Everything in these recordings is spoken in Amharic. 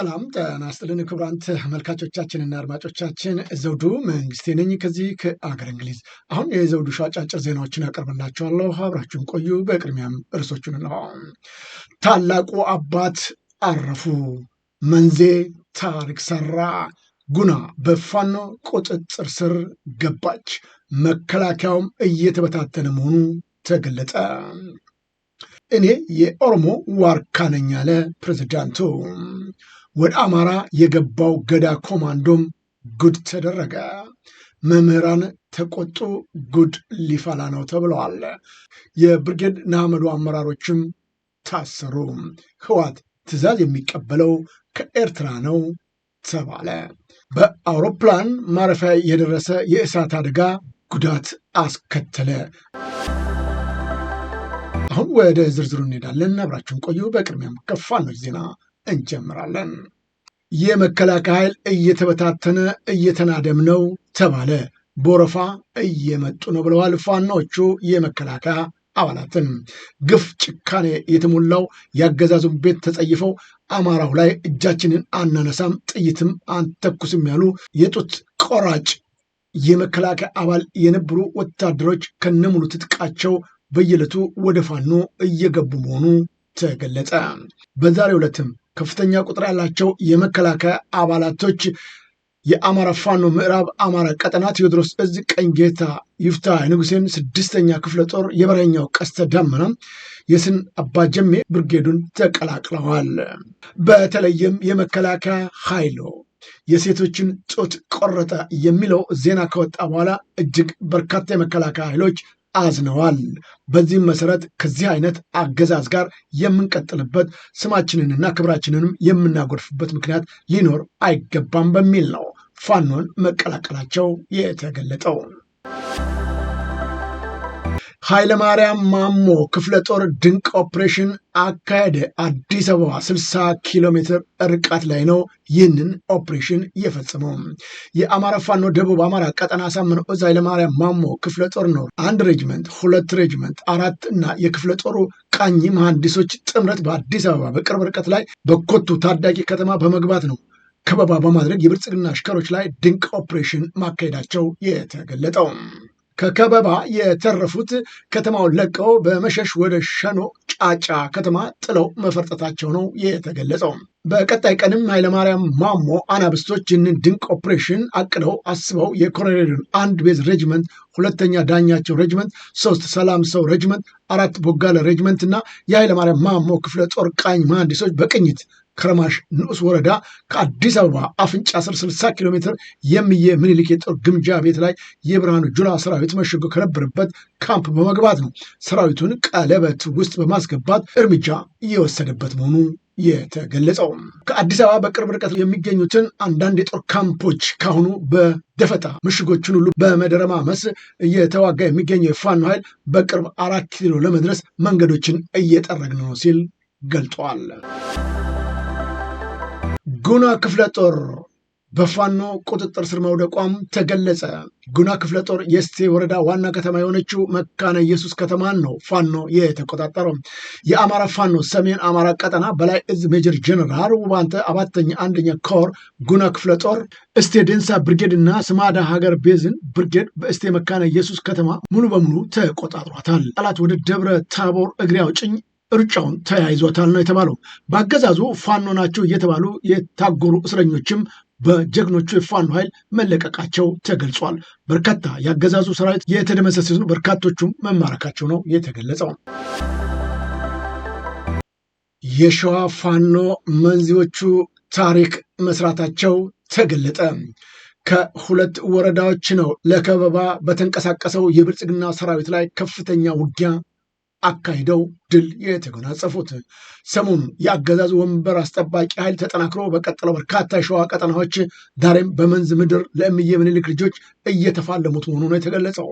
ሰላም ጤና ይስጥልን ክቡራን ተመልካቾቻችንና አድማጮቻችን ዘውዱ መንግስቴ ነኝ ከዚህ ከአገር እንግሊዝ። አሁን የዘውዱ ሾው አጫጭር ዜናዎችን ያቀርብላችኋለሁ፣ አብራችሁን ቆዩ። በቅድሚያም እርሶቹን ነው። ታላቁ አባት አረፉ፣ መንዜ ታሪክ ሰራ፣ ጉና በፋኖ ቁጥጥር ስር ገባች፣ መከላከያውም እየተበታተነ መሆኑ ተገለጠ። እኔ የኦሮሞ ዋርካ ነኝ ያለ ፕሬዝዳንቱ ወደ አማራ የገባው ገዳ ኮማንዶም ጉድ ተደረገ። መምህራን ተቆጡ፣ ጉድ ሊፈላ ነው ተብለዋል። የብርጌድ ንሓመዱ አመራሮችም ታሰሩ። ህዋት ትዕዛዝ የሚቀበለው ከኤርትራ ነው ተባለ። በአውሮፕላን ማረፊያ የደረሰ የእሳት አደጋ ጉዳት አስከተለ። አሁን ወደ ዝርዝሩ እንሄዳለን። አብራችሁን ቆዩ። በቅድሚያም ከፋኖች ዜና እንጀምራለን። የመከላከያ ኃይል እየተበታተነ እየተናደም ነው ተባለ። በወረፋ እየመጡ ነው ብለዋል ፋኖቹ የመከላከያ አባላትን ግፍ፣ ጭካኔ የተሞላው የአገዛዙን ቤት ተጸይፈው አማራው ላይ እጃችንን አናነሳም፣ ጥይትም አንተኩስም ያሉ የጡት ቆራጭ የመከላከያ አባል የነበሩ ወታደሮች ከነሙሉ ትጥቃቸው በየዕለቱ ወደ ፋኖ እየገቡ መሆኑ ተገለጸ። በዛሬው ዕለትም ከፍተኛ ቁጥር ያላቸው የመከላከያ አባላቶች የአማራ ፋኖ ምዕራብ አማራ ቀጠና ቴዎድሮስ እዝ ቀኝ ጌታ ይፍታ ንጉሴን ስድስተኛ ክፍለ ጦር የበረኛው ቀስተ ደመና የስን አባጀሜ ብርጌዱን ተቀላቅለዋል። በተለይም የመከላከያ ኃይሎ የሴቶችን ጡት ቆረጠ የሚለው ዜና ከወጣ በኋላ እጅግ በርካታ የመከላከያ ኃይሎች አዝነዋል። በዚህም መሰረት ከዚህ አይነት አገዛዝ ጋር የምንቀጥልበት ስማችንንና ክብራችንንም የምናጎድፍበት ምክንያት ሊኖር አይገባም በሚል ነው ፋኖን መቀላቀላቸው የተገለጠው። ኃይለማርያም ማሞ ክፍለ ጦር ድንቅ ኦፕሬሽን አካሄደ። አዲስ አበባ 60 ኪሎ ሜትር ርቀት ላይ ነው ይህንን ኦፕሬሽን የፈጸመው። የአማራ ፋኖ ደቡብ አማራ ቀጠና አሳምነው እዝ ኃይለማርያም ማሞ ክፍለ ጦር ነው። አንድ ሬጅመንት፣ ሁለት ሬጅመንት፣ አራት እና የክፍለ ጦሩ ቃኝ መሐንዲሶች ጥምረት በአዲስ አበባ በቅርብ ርቀት ላይ በኮቱ ታዳጊ ከተማ በመግባት ነው ከበባ በማድረግ የብልጽግና አሽከሮች ላይ ድንቅ ኦፕሬሽን ማካሄዳቸው የተገለጠው ከከበባ የተረፉት ከተማውን ለቀው በመሸሽ ወደ ሸኖ ጫጫ ከተማ ጥለው መፈርጠታቸው ነው የተገለጸው። በቀጣይ ቀንም ኃይለማርያም ማሞ አናብስቶች ይህንን ድንቅ ኦፕሬሽን አቅደው አስበው የኮሎኔሉን አንድ ቤዝ ሬጅመንት፣ ሁለተኛ ዳኛቸው ሬጅመንት፣ ሶስት ሰላም ሰው ሬጅመንት፣ አራት ቦጋለ ሬጅመንት እና የኃይለማርያም ማሞ ክፍለ ጦር ቃኝ መሐንዲሶች በቅኝት ከረማሽ ንዑስ ወረዳ ከአዲስ አበባ አፍንጫ ስር 60 ኪሎ ሜትር የሚየ ምኒልክ የጦር ግምጃ ቤት ላይ የብርሃኑ ጁላ ሰራዊት መሸጎ ከነበረበት ካምፕ በመግባት ነው ሰራዊቱን ቀለበት ውስጥ በማስገባት እርምጃ እየወሰደበት መሆኑ የተገለጸው። ከአዲስ አበባ በቅርብ ርቀት የሚገኙትን አንዳንድ የጦር ካምፖች ካሁኑ በደፈጣ ምሽጎችን ሁሉ በመደረማመስ እየተዋጋ የሚገኘው የፋኖ ኃይል በቅርብ አራት ኪሎ ለመድረስ መንገዶችን እየጠረግን ነው ሲል ገልጧል። ጉና ክፍለ ጦር በፋኖ ቁጥጥር ስር መውደቋም ተገለጸ። ጉና ክፍለ ጦር የእስቴ ወረዳ ዋና ከተማ የሆነችው መካነ ኢየሱስ ከተማን ነው ፋኖ የተቆጣጠረው። የአማራ ፋኖ ሰሜን አማራ ቀጠና በላይ እዝ ሜጀር ጀነራል ውባንተ አባተኛ አንደኛ ኮር ጉና ክፍለ ጦር እስቴ ድንሳ ብርጌድ እና ስማዳ ሀገር ቤዝን ብርጌድ በእስቴ መካነ ኢየሱስ ከተማ ሙሉ በሙሉ ተቆጣጥሯታል። ጠላት ወደ ደብረ ታቦር እግሬ አውጭኝ እርጫውን ተያይዞታል ነው የተባለው። በአገዛዙ ፋኖ ናቸው እየተባሉ የታጎሩ እስረኞችም በጀግኖቹ የፋኖ ኃይል መለቀቃቸው ተገልጿል። በርካታ የአገዛዙ ሰራዊት የተደመሰሰ ሲሆን በርካቶቹም መማረካቸው ነው የተገለጸው። የሸዋ ፋኖ መንዚዎቹ ታሪክ መስራታቸው ተገለጠ። ከሁለት ወረዳዎች ነው ለከበባ በተንቀሳቀሰው የብልጽግና ሰራዊት ላይ ከፍተኛ ውጊያ አካሂደው ድል የተጎናጸፉት። ሰሞኑን የአገዛዙ ወንበር አስጠባቂ ኃይል ተጠናክሮ በቀጠለው በርካታ ሸዋ ቀጠናዎች ዛሬም በመንዝ ምድር ለእምዬ ምኒልክ ልጆች እየተፋለሙት መሆኑ ነው የተገለጸው።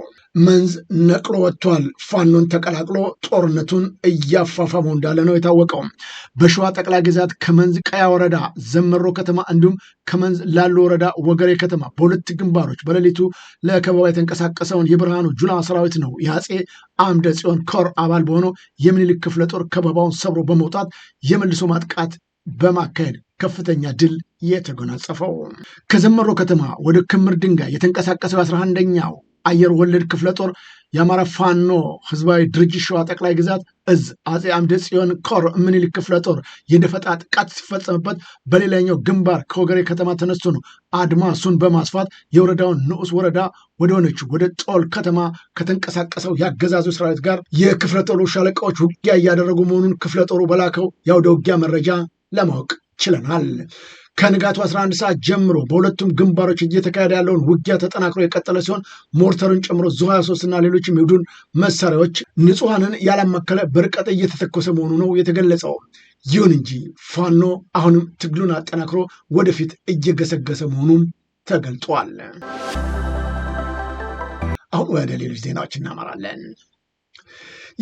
መንዝ ነቅሎ ወጥቷል። ፋኖን ተቀላቅሎ ጦርነቱን እያፋፋመው እንዳለ ነው የታወቀው። በሸዋ ጠቅላይ ግዛት ከመንዝ ቀያ ወረዳ ዘመሮ ከተማ እንዲሁም ከመንዝ ላሉ ወረዳ ወገሬ ከተማ በሁለት ግንባሮች በሌሊቱ ለከበባ የተንቀሳቀሰውን የብርሃኑ ጁላ ሰራዊት ነው የአፄ አምደ ጽዮን ኮር አባል በሆነው የምኒ ምኒልክ ክፍለ ጦር ከበባውን ሰብሮ በመውጣት የመልሶ ማጥቃት በማካሄድ ከፍተኛ ድል የተጎናጸፈው ከዘመሮ ከተማ ወደ ክምር ድንጋይ የተንቀሳቀሰው የአስራ አንደኛው አየር ወለድ ክፍለ ጦር የአማራ ፋኖ ህዝባዊ ድርጅት ሸዋ ጠቅላይ ግዛት እዝ አጼ አምደ ጽዮን ኮር ምኒልክ ክፍለ ጦር የደፈጣ ጥቃት ሲፈጸምበት በሌላኛው ግንባር ከወገሬ ከተማ ተነስቶ ነው አድማሱን በማስፋት የወረዳውን ንዑስ ወረዳ ወደ ሆነች ወደ ጦል ከተማ ከተንቀሳቀሰው ያገዛዙ ሰራዊት ጋር የክፍለ ጦሩ ሻለቃዎች ውጊያ እያደረጉ መሆኑን ክፍለ ጦሩ በላከው የአውደ ውጊያ መረጃ ለማወቅ ችለናል። ከንጋቱ 11 ሰዓት ጀምሮ በሁለቱም ግንባሮች እየተካሄደ ያለውን ውጊያ ተጠናክሮ የቀጠለ ሲሆን ሞርተርን ጨምሮ ዙ 23 እና ሌሎች የሚውዱን መሳሪያዎች ንጹሐንን ያላማከለ በርቀት እየተተኮሰ መሆኑ ነው የተገለጸው። ይሁን እንጂ ፋኖ አሁንም ትግሉን አጠናክሮ ወደፊት እየገሰገሰ መሆኑም ተገልጧል። አሁን ወደ ሌሎች ዜናዎች እናመራለን።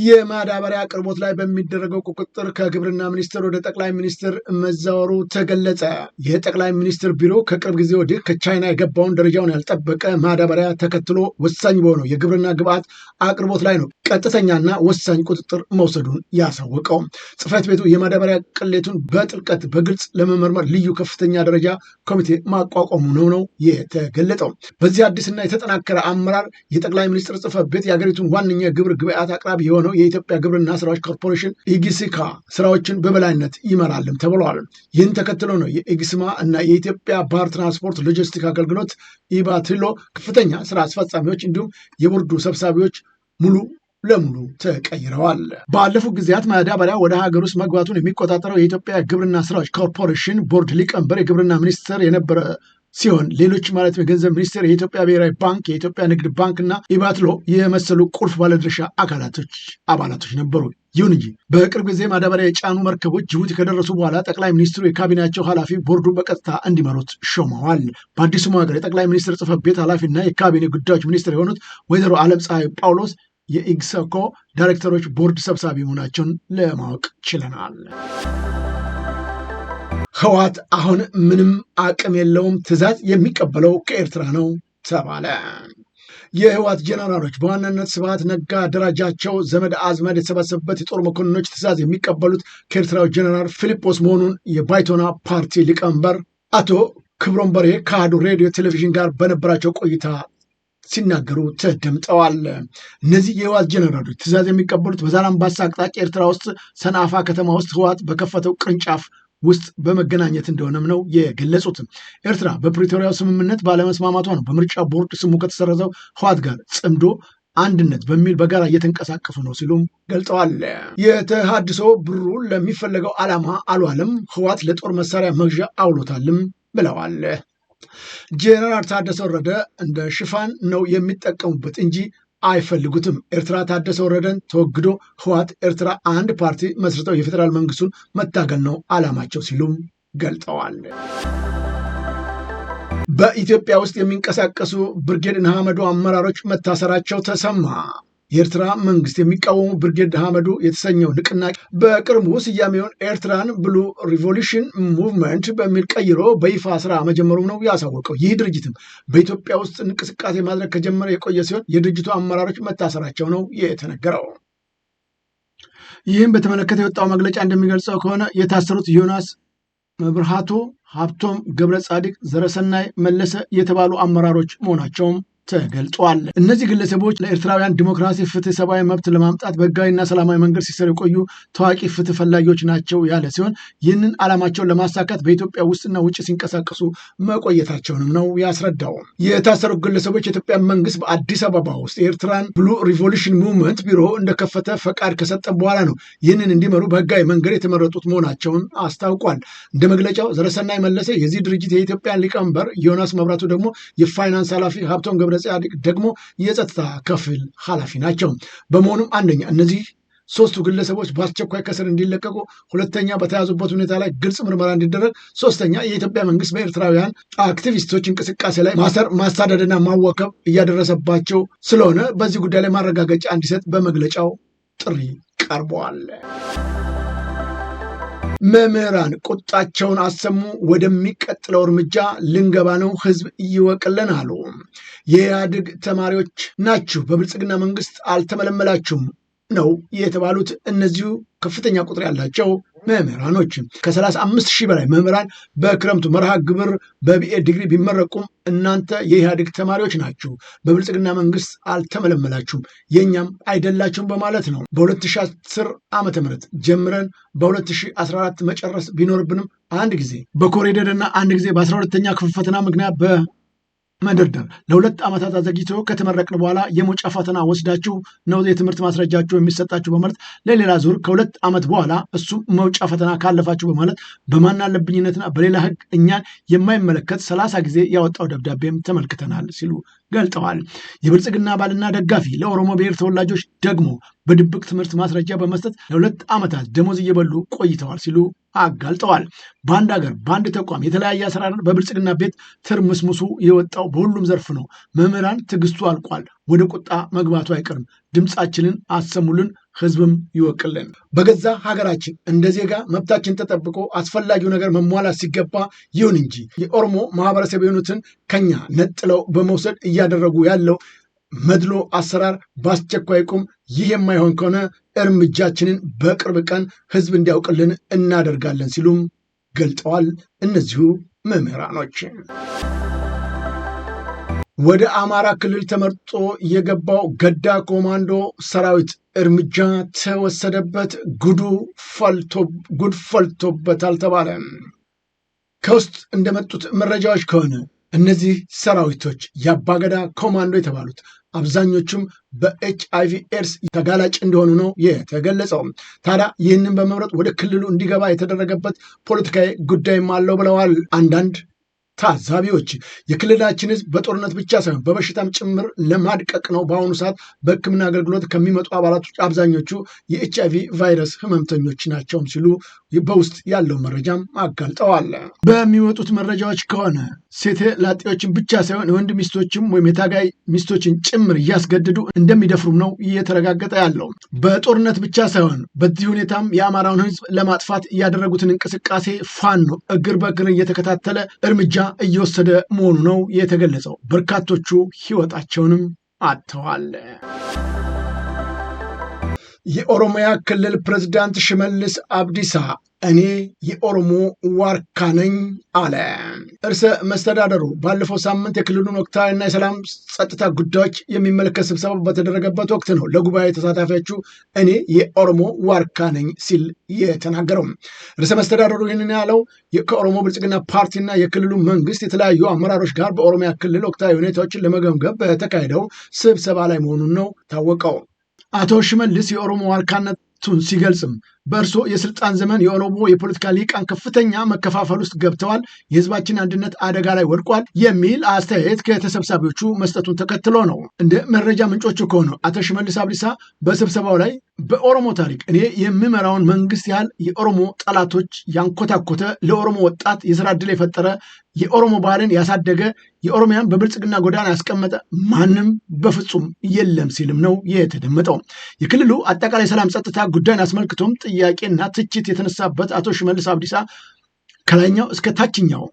የማዳበሪያ አቅርቦት ላይ በሚደረገው ቁጥጥር ከግብርና ሚኒስቴር ወደ ጠቅላይ ሚኒስትር መዛወሩ ተገለጸ። የጠቅላይ ሚኒስትር ቢሮ ከቅርብ ጊዜ ወዲህ ከቻይና የገባውን ደረጃውን ያልጠበቀ ማዳበሪያ ተከትሎ ወሳኝ በሆነው የግብርና ግብዓት አቅርቦት ላይ ነው ቀጥተኛና ወሳኝ ቁጥጥር መውሰዱን ያሳወቀው። ጽፈት ቤቱ የማዳበሪያ ቅሌቱን በጥልቀት በግልጽ ለመመርመር ልዩ ከፍተኛ ደረጃ ኮሚቴ ማቋቋሙ ነው ነው የተገለጠው። በዚህ አዲስና የተጠናከረ አመራር የጠቅላይ ሚኒስትር ጽህፈት ቤት የሀገሪቱን ዋነኛ ግብር ግብዓት አቅራቢ የሆነ የሆነው የኢትዮጵያ ግብርና ስራዎች ኮርፖሬሽን ኢግስካ ስራዎችን በበላይነት ይመራልም ተብለዋል። ይህን ተከትሎ ነው የኢግስማ እና የኢትዮጵያ ባህር ትራንስፖርት ሎጂስቲክ አገልግሎት ኢባትሎ ከፍተኛ ስራ አስፈጻሚዎች እንዲሁም የቦርዱ ሰብሳቢዎች ሙሉ ለሙሉ ተቀይረዋል። ባለፉት ጊዜያት ማዳበሪያ ወደ ሀገር ውስጥ መግባቱን የሚቆጣጠረው የኢትዮጵያ ግብርና ስራዎች ኮርፖሬሽን ቦርድ ሊቀመንበር የግብርና ሚኒስትር የነበረ ሲሆን ሌሎች ማለት የገንዘብ ሚኒስቴር፣ የኢትዮጵያ ብሔራዊ ባንክ፣ የኢትዮጵያ ንግድ ባንክ እና ኢባትሎ የመሰሉ ቁልፍ ባለድርሻ አካላቶች አባላቶች ነበሩ። ይሁን እንጂ በቅርብ ጊዜ ማዳበሪያ የጫኑ መርከቦች ጅቡቲ ከደረሱ በኋላ ጠቅላይ ሚኒስትሩ የካቢኔያቸው ኃላፊ ቦርዱ በቀጥታ እንዲመሩት ሾመዋል። በአዲሱ ሀገር የጠቅላይ ሚኒስትር ጽህፈት ቤት ኃላፊና የካቢኔ ጉዳዮች ሚኒስትር የሆኑት ወይዘሮ ዓለም ፀሐይ ጳውሎስ የኢግሰኮ ዳይሬክተሮች ቦርድ ሰብሳቢ መሆናቸውን ለማወቅ ችለናል። ህወሓት አሁን ምንም አቅም የለውም፣ ትዕዛዝ የሚቀበለው ከኤርትራ ነው ተባለ። የህወሓት ጀነራሎች በዋናነት ስብሃት ነጋ ደረጃቸው ዘመድ አዝመድ የተሰባሰበበት የጦር መኮንኖች ትዕዛዝ የሚቀበሉት ከኤርትራው ጀነራል ፊሊጶስ መሆኑን የባይቶና ፓርቲ ሊቀመንበር አቶ ክብሮም በርሄ ከአሃዱ ሬዲዮ ቴሌቪዥን ጋር በነበራቸው ቆይታ ሲናገሩ ተደምጠዋል። እነዚህ የህወሓት ጀነራሎች ትዕዛዝ የሚቀበሉት በዛላምባሳ አቅጣጫ ኤርትራ ውስጥ ሰንአፋ ከተማ ውስጥ ህወሓት በከፈተው ቅርንጫፍ ውስጥ በመገናኘት እንደሆነም ነው የገለጹት። ኤርትራ በፕሪቶሪያው ስምምነት ባለመስማማቷ ነው በምርጫ ቦርድ ስሙ ከተሰረዘው ህዋት ጋር ጽምዶ አንድነት በሚል በጋራ እየተንቀሳቀሱ ነው ሲሉም ገልጸዋል። የተሃድሶ ብሩ ለሚፈለገው ዓላማ አልዋለም፣ ህዋት ለጦር መሳሪያ መግዣ አውሎታልም ብለዋል። ጄኔራል ታደሰ ወረደ እንደ ሽፋን ነው የሚጠቀሙበት እንጂ አይፈልጉትም። ኤርትራ ታደሰ ወረደን ተወግዶ ህዋት ኤርትራ አንድ ፓርቲ መስርተው የፌዴራል መንግስቱን መታገል ነው አላማቸው ሲሉም ገልጠዋል። በኢትዮጵያ ውስጥ የሚንቀሳቀሱ ብርጌድ ንሓመዱ አመራሮች መታሰራቸው ተሰማ። የኤርትራ መንግስት የሚቃወሙ ብርጌድ ሐመዱ የተሰኘው ንቅናቄ በቅርቡ ስያሜውን ኤርትራን ብሉ ሪቮሉሽን ሙቭመንት በሚል ቀይሮ በይፋ ስራ መጀመሩ ነው ያሳወቀው። ይህ ድርጅትም በኢትዮጵያ ውስጥ እንቅስቃሴ ማድረግ ከጀመረ የቆየ ሲሆን የድርጅቱ አመራሮች መታሰራቸው ነው የተነገረው። ይህም በተመለከተ የወጣው መግለጫ እንደሚገልጸው ከሆነ የታሰሩት ዮናስ መብርሃቱ፣ ሀብቶም ገብረ ጻዲቅ፣ ዘረሰናይ መለሰ የተባሉ አመራሮች መሆናቸውም ተገልጿል። እነዚህ ግለሰቦች ለኤርትራውያን ዲሞክራሲ፣ ፍትህ፣ ሰብአዊ መብት ለማምጣት በህጋዊና ሰላማዊ መንገድ ሲሰሩ የቆዩ ታዋቂ ፍትህ ፈላጊዎች ናቸው ያለ ሲሆን ይህንን ዓላማቸውን ለማሳካት በኢትዮጵያ ውስጥና ውጭ ሲንቀሳቀሱ መቆየታቸውንም ነው ያስረዳው። የታሰሩ ግለሰቦች የኢትዮጵያ መንግስት በአዲስ አበባ ውስጥ የኤርትራን ብሉ ሪቮሉሽን ሙቭመንት ቢሮ እንደከፈተ ፈቃድ ከሰጠ በኋላ ነው ይህንን እንዲመሩ በህጋዊ መንገድ የተመረጡት መሆናቸውን አስታውቋል። እንደ መግለጫው ዘረሰናይ መለሰ የዚህ ድርጅት የኢትዮጵያ ሊቀመንበር ዮናስ መብራቱ ደግሞ የፋይናንስ ኃላፊ ሀብቶን ገብረ ገብረ ጻድቅ ደግሞ የጸጥታ ክፍል ኃላፊ ናቸው። በመሆኑም አንደኛ እነዚህ ሶስቱ ግለሰቦች በአስቸኳይ ከስር እንዲለቀቁ፣ ሁለተኛ በተያዙበት ሁኔታ ላይ ግልጽ ምርመራ እንዲደረግ፣ ሶስተኛ የኢትዮጵያ መንግስት በኤርትራውያን አክቲቪስቶች እንቅስቃሴ ላይ ማሰር ማሳደድና ማወከብ እያደረሰባቸው ስለሆነ በዚህ ጉዳይ ላይ ማረጋገጫ እንዲሰጥ በመግለጫው ጥሪ ቀርበዋል። መምህራን ቁጣቸውን አሰሙ። ወደሚቀጥለው እርምጃ ልንገባ ነው፣ ህዝብ ይወቅልን አሉ። የኢህአዴግ ተማሪዎች ናችሁ፣ በብልጽግና መንግስት አልተመለመላችሁም ነው የተባሉት እነዚሁ ከፍተኛ ቁጥር ያላቸው መምህራኖች ከ 35 ሺህ በላይ መምህራን በክረምቱ መርሃ ግብር በቢኤ ዲግሪ ቢመረቁም እናንተ የኢህአዴግ ተማሪዎች ናችሁ፣ በብልጽግና መንግስት አልተመለመላችሁም፣ የእኛም አይደላችሁም በማለት ነው በ2010 ዓ ም ጀምረን በ2014 መጨረስ ቢኖርብንም አንድ ጊዜ በኮሪደርና አንድ ጊዜ በ12ተኛ ክፍል ፈተና ምክንያት መደርደር ለሁለት ዓመታት አዘግይቶ ከተመረቅን በኋላ የመውጫ ፈተና ወስዳችሁ ነው የትምህርት ማስረጃችሁ የሚሰጣችሁ በማለት ለሌላ ዙር ከሁለት ዓመት በኋላ እሱ መውጫ ፈተና ካለፋችሁ በማለት በማናለብኝነትና በሌላ ሕግ እኛን የማይመለከት ሰላሳ ጊዜ ያወጣው ደብዳቤም ተመልክተናል ሲሉ ገልጠዋል። የብልጽግና ባልና ደጋፊ ለኦሮሞ ብሔር ተወላጆች ደግሞ በድብቅ ትምህርት ማስረጃ በመስጠት ለሁለት ዓመታት ደሞዝ እየበሉ ቆይተዋል ሲሉ አጋልጠዋል። በአንድ ሀገር በአንድ ተቋም የተለያየ አሰራር በብልጽግና ቤት ትርምስምሱ የወጣው በሁሉም ዘርፍ ነው። መምህራን ትዕግስቱ አልቋል። ወደ ቁጣ መግባቱ አይቀርም። ድምፃችንን አሰሙልን፣ ህዝብም ይወቅልን። በገዛ ሀገራችን እንደ ዜጋ መብታችን ተጠብቆ አስፈላጊው ነገር መሟላት ሲገባ፣ ይሁን እንጂ የኦሮሞ ማህበረሰብ የሆኑትን ከኛ ነጥለው በመውሰድ እያደረጉ ያለው መድሎ አሰራር በአስቸኳይ ቁም ይህ የማይሆን ከሆነ እርምጃችንን በቅርብ ቀን ህዝብ እንዲያውቅልን እናደርጋለን ሲሉም ገልጠዋል። እነዚሁ መምህራኖች ወደ አማራ ክልል ተመርጦ የገባው ገዳ ኮማንዶ ሰራዊት እርምጃ ተወሰደበት፣ ጉድ ፈልቶበታል ተባለ። ከውስጥ እንደመጡት መረጃዎች ከሆነ እነዚህ ሰራዊቶች የአባገዳ ኮማንዶ የተባሉት አብዛኞቹም በኤች አይቪ ኤድስ ተጋላጭ እንደሆኑ ነው የተገለጸው። ታዲያ ይህንን በመምረጥ ወደ ክልሉ እንዲገባ የተደረገበት ፖለቲካዊ ጉዳይም አለው ብለዋል አንዳንድ ታዛቢዎች የክልላችን ህዝብ በጦርነት ብቻ ሳይሆን በበሽታም ጭምር ለማድቀቅ ነው። በአሁኑ ሰዓት በህክምና አገልግሎት ከሚመጡ ውጭ አብዛኞቹ የኤች አይቪ ቫይረስ ህመምተኞች ናቸውም ሲሉ በውስጥ ያለው መረጃም አጋልጠዋል። በሚወጡት መረጃዎች ከሆነ ሴቴ ላጤዎችን ብቻ ሳይሆን የወንድ ሚስቶችም ወይም የታጋይ ሚስቶችን ጭምር እያስገድዱ እንደሚደፍሩም ነው እየተረጋገጠ ያለው። በጦርነት ብቻ ሳይሆን በዚህ ሁኔታም የአማራውን ህዝብ ለማጥፋት ያደረጉትን እንቅስቃሴ ፋኖ እግር በእግር እየተከታተለ እርምጃ እየወሰደ መሆኑ ነው የተገለጸው። በርካቶቹ ህይወታቸውንም አጥተዋል። የኦሮሚያ ክልል ፕሬዝዳንት ሽመልስ አብዲሳ እኔ የኦሮሞ ዋርካ ነኝ አለ። እርሰ መስተዳደሩ ባለፈው ሳምንት የክልሉን ወቅታዊና የሰላም ጸጥታ ጉዳዮች የሚመለከት ስብሰባ በተደረገበት ወቅት ነው ለጉባኤ ተሳታፊዎቹ እኔ የኦሮሞ ዋርካ ነኝ ሲል የተናገረው። እርሰ መስተዳደሩ ይህንን ያለው ከኦሮሞ ብልጽግና ፓርቲና የክልሉ መንግስት የተለያዩ አመራሮች ጋር በኦሮሚያ ክልል ወቅታዊ ሁኔታዎችን ለመገምገም በተካሄደው ስብሰባ ላይ መሆኑን ነው ታወቀው። አቶ ሽመልስ የኦሮሞ ዋርካነቱን ሲገልጽም በእርሶ የስልጣን ዘመን የኦሮሞ የፖለቲካ ሊቃን ከፍተኛ መከፋፈል ውስጥ ገብተዋል፣ የህዝባችን አንድነት አደጋ ላይ ወድቋል የሚል አስተያየት ከተሰብሳቢዎቹ መስጠቱን ተከትሎ ነው። እንደ መረጃ ምንጮቹ ከሆኑ አቶ ሽመልስ አብዲሳ በስብሰባው ላይ በኦሮሞ ታሪክ እኔ የምመራውን መንግስት ያህል የኦሮሞ ጠላቶች ያንኮታኮተ ለኦሮሞ ወጣት የስራ እድል የፈጠረ የኦሮሞ ባህልን ያሳደገ የኦሮሚያን በብልጽግና ጎዳና ያስቀመጠ ማንም በፍጹም የለም ሲልም ነው የተደመጠው። የክልሉ አጠቃላይ ሰላም ጸጥታ ጉዳይን አስመልክቶም ጥያቄና ትችት የተነሳበት አቶ ሽመልስ አብዲሳ ከላይኛው እስከ ታችኛው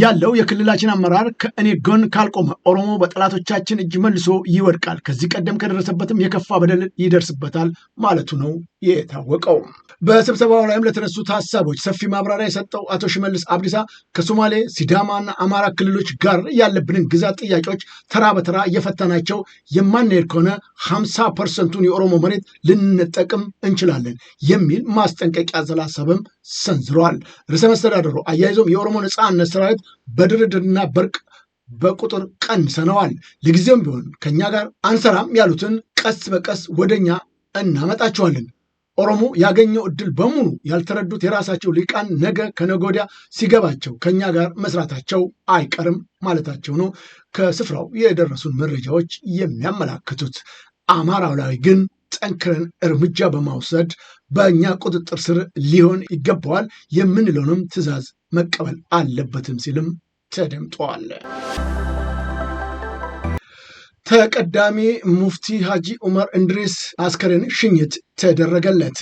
ያለው የክልላችን አመራር ከእኔ ጎን ካልቆመ ኦሮሞ በጠላቶቻችን እጅ መልሶ ይወድቃል፣ ከዚህ ቀደም ከደረሰበትም የከፋ በደል ይደርስበታል ማለቱ ነው የታወቀው። በስብሰባው ላይም ለተነሱት ሀሳቦች ሰፊ ማብራሪያ የሰጠው አቶ ሽመልስ አብዲሳ ከሶማሌ ሲዳማና አማራ ክልሎች ጋር ያለብንን ግዛት ጥያቄዎች ተራ በተራ እየፈታናቸው የማንሄድ ከሆነ ሀምሳ ፐርሰንቱን የኦሮሞ መሬት ልንነጠቅም እንችላለን የሚል ማስጠንቀቂያ ዘላሰብም ሰንዝረዋል። ርዕሰ መስተዳደሩ አያይዞም የኦሮሞ ነፃነት ሰራዊት ለማግኘት በድርድርና በርቅ በቁጥር ቀንሰነዋል። ለጊዜውም ቢሆን ከኛ ጋር አንሰራም ያሉትን ቀስ በቀስ ወደኛ እናመጣቸዋለን። ኦሮሞ ያገኘው እድል በሙሉ ያልተረዱት የራሳቸው ሊቃን ነገ ከነጎዲያ ሲገባቸው ከኛ ጋር መስራታቸው አይቀርም ማለታቸው ነው ከስፍራው የደረሱን መረጃዎች የሚያመላክቱት። አማራው ላይ ግን ጠንክረን እርምጃ በማውሰድ በእኛ ቁጥጥር ስር ሊሆን ይገባዋል የምንለውንም ትዕዛዝ መቀበል አለበትም ሲልም ተደምጠዋል። ተቀዳሚ ሙፍቲ ሀጂ ዑመር እንድሪስ አስከሬን ሽኝት ተደረገለት።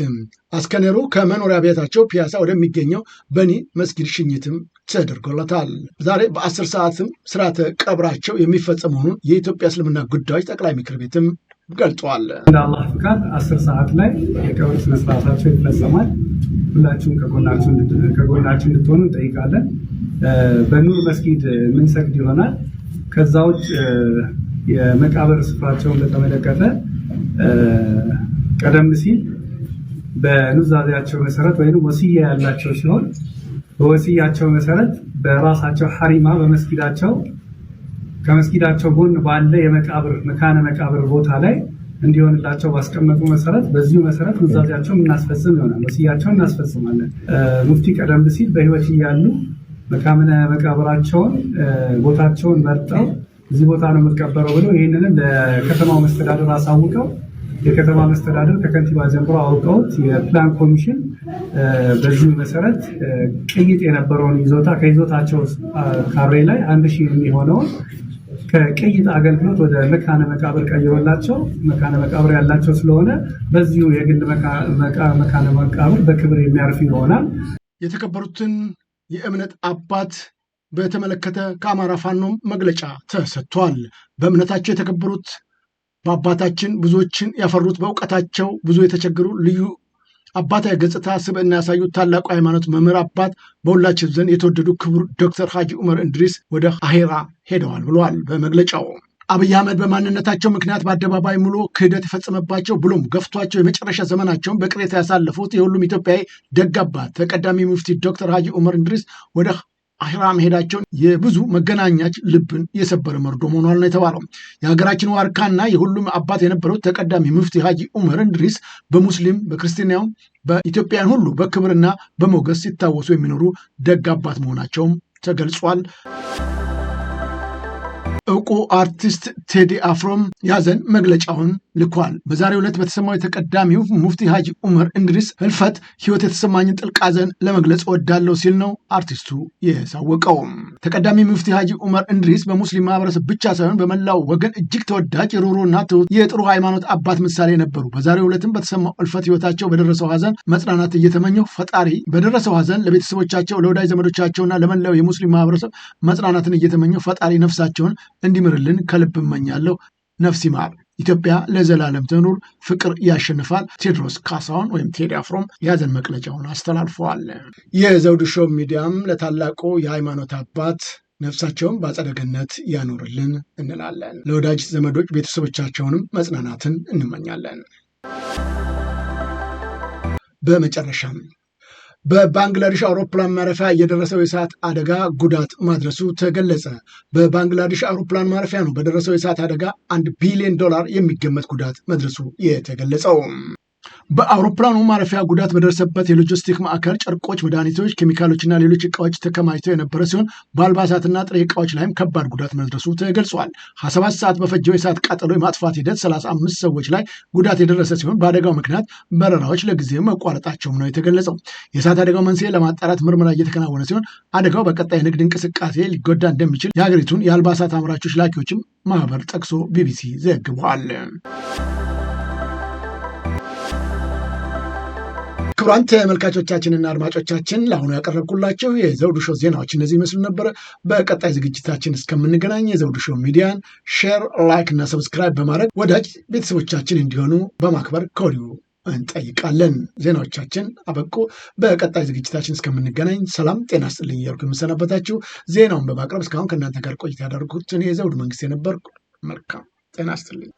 አስከሬኑ ከመኖሪያ ቤታቸው ፒያሳ ወደሚገኘው በኒ መስጊድ ሽኝትም ተደርጎለታል። ዛሬ በአስር ሰዓትም ስርዓተ ቀብራቸው የሚፈጸም መሆኑን የኢትዮጵያ እስልምና ጉዳዮች ጠቅላይ ምክር ቤትም ገልጿል። እንደ አላህ ፍቃድ አስር ሰዓት ላይ የቀብር ስነስርዓታቸው ይፈጸማል። ሁላችሁም ከጎናችሁ እንድትሆኑ እንጠይቃለን። በኑር መስጊድ ምንሰግድ ይሆናል። ከዛ ውጭ የመቃብር ስፍራቸውን በተመለከተ ቀደም ሲል በኑዛዜያቸው መሰረት ወይም ወስያ ያላቸው ሲሆን በወስያቸው መሰረት በራሳቸው ሐሪማ በመስጊዳቸው ከመስጊዳቸው ጎን ባለ የመቃብር መካነ መቃብር ቦታ ላይ እንዲሆንላቸው ባስቀመጡ መሰረት በዚሁ መሰረት ኑዛዜያቸውን እናስፈጽም ይሆናል። ወስያቸውን እናስፈጽማለን። ሙፍቲ ቀደም ሲል በህይወት እያሉ መካነ መቃብራቸውን ቦታቸውን መርጠው እዚህ ቦታ ነው የምትቀበረው ብለው ይህንንም ለከተማው መስተዳደር አሳውቀው የከተማ መስተዳደር ከከንቲባ ጀምሮ አውቀውት የፕላን ኮሚሽን በዚህ መሰረት ቅይጥ የነበረውን ይዞታ ከይዞታቸው ካሬ ላይ አንድ ሺህ የሚሆነውን ከቀይጥ አገልግሎት ወደ መካነ መቃብር ቀይሮላቸው መካነ መቃብር ያላቸው ስለሆነ በዚሁ የግል መካነ መቃብር በክብር የሚያርፍ ይሆናል። የተከበሩትን የእምነት አባት በተመለከተ ከአማራ ፋኖም መግለጫ ተሰጥቷል። በእምነታቸው የተከበሩት በአባታችን ብዙዎችን ያፈሩት በእውቀታቸው ብዙ የተቸገሩ ልዩ አባታዊ ገጽታ ስብዕና ያሳዩት ታላቁ ሃይማኖት መምህር አባት በሁላችን ዘንድ የተወደዱ ክቡር ዶክተር ሐጂ ዑመር እንድሪስ ወደ አሄራ ሄደዋል ብለዋል በመግለጫው። አብይ አህመድ በማንነታቸው ምክንያት በአደባባይ ሙሉ ክህደት የፈጸመባቸው ብሎም ገፍቷቸው የመጨረሻ ዘመናቸውን በቅሬታ ያሳለፉት የሁሉም ኢትዮጵያዊ ደግ አባት ተቀዳሚ ሙፍቲ ዶክተር ሐጂ ዑመር እንድሪስ ወደ አሽራ መሄዳቸውን የብዙ መገናኛች ልብን የሰበረ መርዶ መሆኗል ነው የተባለው። የሀገራችን ዋርካና የሁሉም አባት የነበረው ተቀዳሚ ሙፍቲ ሀጂ ኡመር እንድሪስ በሙስሊም በክርስትናውም በኢትዮጵያን ሁሉ በክብርና በሞገስ ሲታወሱ የሚኖሩ ደግ አባት መሆናቸውም ተገልጿል። እውቁ አርቲስት ቴዲ አፍሮም ያዘን መግለጫውን ልኳል። በዛሬው ዕለት በተሰማው የተቀዳሚው ሙፍቲ ሀጂ ኡመር እንድሪስ ህልፈት ህይወት የተሰማኝን ጥልቅ ሐዘን ለመግለጽ እወዳለሁ ሲል ነው አርቲስቱ የሳወቀው። ተቀዳሚ ሙፍቲ ሀጂ ኡመር እንድሪስ በሙስሊም ማህበረሰብ ብቻ ሳይሆን በመላው ወገን እጅግ ተወዳጅ የሩሩና የጥሩ ሃይማኖት አባት ምሳሌ ነበሩ። በዛሬው ዕለትም በተሰማው እልፈት ህይወታቸው በደረሰው ሐዘን መጽናናት እየተመኘው ፈጣሪ በደረሰው ሐዘን ለቤተሰቦቻቸው፣ ለወዳጅ ዘመዶቻቸውና ለመላው የሙስሊም ማህበረሰብ መጽናናትን እየተመኘው ፈጣሪ ነፍሳቸውን እንዲምርልን ከልብ እመኛለሁ። ነፍስ ይማር። ኢትዮጵያ ለዘላለም ትኑር፣ ፍቅር ያሸንፋል። ቴድሮስ ካሳሁን ወይም ቴዲ አፍሮም የሀዘን መግለጫውን አስተላልፈዋል። የዘውዱ ሾው ሚዲያም ለታላቁ የሃይማኖት አባት ነፍሳቸውን በአጸደ ገነት ያኖርልን እንላለን። ለወዳጅ ዘመዶች ቤተሰቦቻቸውንም መጽናናትን እንመኛለን። በመጨረሻም በባንግላዴሽ አውሮፕላን ማረፊያ የደረሰው የእሳት አደጋ ጉዳት ማድረሱ ተገለጸ። በባንግላዴሽ አውሮፕላን ማረፊያ ነው በደረሰው የእሳት አደጋ አንድ ቢሊዮን ዶላር የሚገመት ጉዳት መድረሱ የተገለጸው። በአውሮፕላኑ ማረፊያ ጉዳት በደረሰበት የሎጂስቲክ ማዕከል ጨርቆች፣ መድኃኒቶች፣ ኬሚካሎችና ሌሎች እቃዎች ተከማችተው የነበረ ሲሆን በአልባሳትና ጥሬ እቃዎች ላይም ከባድ ጉዳት መድረሱ ተገልጿል። 27 ሰዓት በፈጀው የሰዓት ቃጠሎ የማጥፋት ሂደት 35 ሰዎች ላይ ጉዳት የደረሰ ሲሆን በአደጋው ምክንያት በረራዎች ለጊዜ መቋረጣቸውም ነው የተገለጸው። የእሳት አደጋው መንስኤ ለማጣራት ምርመራ እየተከናወነ ሲሆን አደጋው በቀጣይ ንግድ እንቅስቃሴ ሊጎዳ እንደሚችል የሀገሪቱን የአልባሳት አምራቾች ላኪዎችም ማህበር ጠቅሶ ቢቢሲ ዘግቧል። ክቡራን ተመልካቾቻችንና አድማጮቻችን ለአሁኑ ያቀረብኩላችሁ የዘውዱ ሾው ዜናዎች እነዚህ ይመስሉ ነበረ። በቀጣይ ዝግጅታችን እስከምንገናኝ የዘውዱ ሾው ሚዲያን ሼር፣ ላይክ እና ሰብስክራይብ በማድረግ ወዳጅ ቤተሰቦቻችን እንዲሆኑ በማክበር ከወዲሁ እንጠይቃለን። ዜናዎቻችን አበቁ። በቀጣይ ዝግጅታችን እስከምንገናኝ ሰላም ጤና ስጥልኝ እያልኩ የምሰናበታችሁ ዜናውን በማቅረብ እስካሁን ከእናንተ ጋር ቆይታ ያደረጉት እኔ የዘውዱ መንግስት የነበርኩ መልካም ጤና ስጥልኝ።